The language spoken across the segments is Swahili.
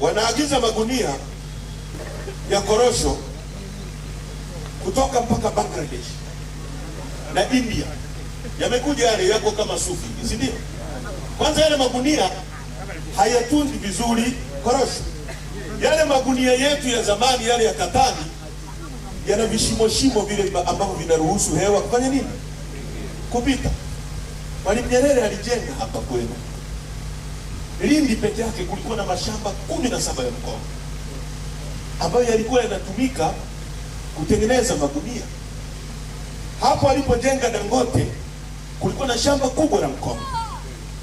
wanaagiza magunia ya korosho kutoka mpaka Bangladesh na India, yamekuja yale yako kama sufi, si ndio? Kwanza yale magunia hayatunzi vizuri korosho. Yale magunia yetu ya zamani yale ya katani yana vishimo shimo vile ambavyo vinaruhusu hewa kufanya nini, kupita. Mwalimu Nyerere alijenga hapa kwenu Lindi peke yake kulikuwa na mashamba kumi na saba ya mkoa ambayo yalikuwa yanatumika kutengeneza magunia. Hapo alipojenga Dangote kulikuwa na shamba kubwa la mkoa.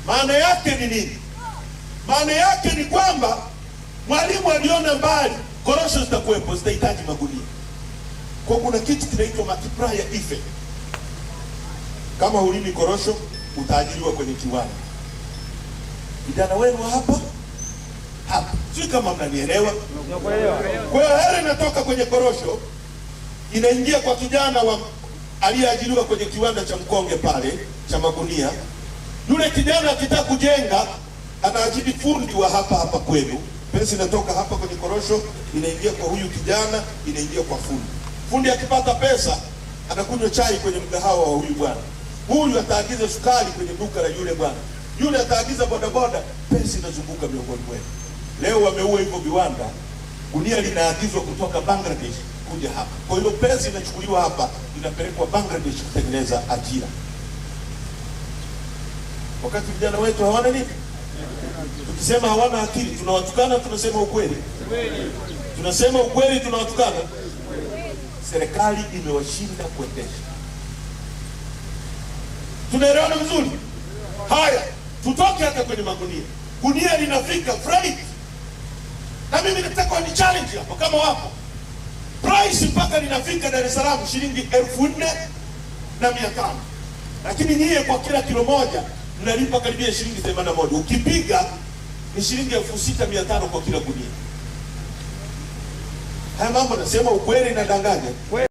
Maana yake ni nini? Maana yake ni kwamba Mwalimu aliona mbali, korosho zitakuwepo, zitahitaji magunia. Kwa kuna kitu kinaitwa multiplier effect. Kama ulimi korosho, utaajiriwa kwenye kiwanda vijana wenu hapa hapa, sijui kama mnanielewa. Kwa hiyo hela inatoka kwenye korosho inaingia kwa kijana wa aliyeajiriwa kwenye kiwanda cha mkonge pale cha magunia. Yule kijana akitaka kujenga, anaajiri fundi wa hapa hapa kwenu. Pesa inatoka hapa kwenye korosho inaingia kwa huyu kijana, inaingia kwa fundi. Fundi akipata pesa, anakunywa chai kwenye mgahawa wa huyu bwana, huyu ataagiza sukari kwenye duka la yule bwana yule ataagiza bodaboda, pesa inazunguka miongoni mwetu. Leo wameua hivyo viwanda, gunia linaagizwa kutoka Bangladesh kuja hapa. Kwa hiyo pesa inachukuliwa hapa inapelekwa Bangladesh kutengeneza ajira, wakati vijana wetu hawana nini. Tukisema hawana akili, tunawatukana, tunasema ukweli, tunasema ukweli, tunawatukana. Serikali imewashinda kuendesha. Tunaelewana vizuri? Haya, tutoke hata kwenye magunia. Gunia linafika freight, na mimi nataka ni challenge hapo, kama wapo price mpaka linafika Dar es Salaam shilingi elfu nne na mia tano lakini nyie kwa kila kilo moja mnalipa karibia shilingi themanini na moja ukipiga ni shilingi elfu sita mia tano kwa kila gunia. Haya mambo nasema ukweli, nadanganya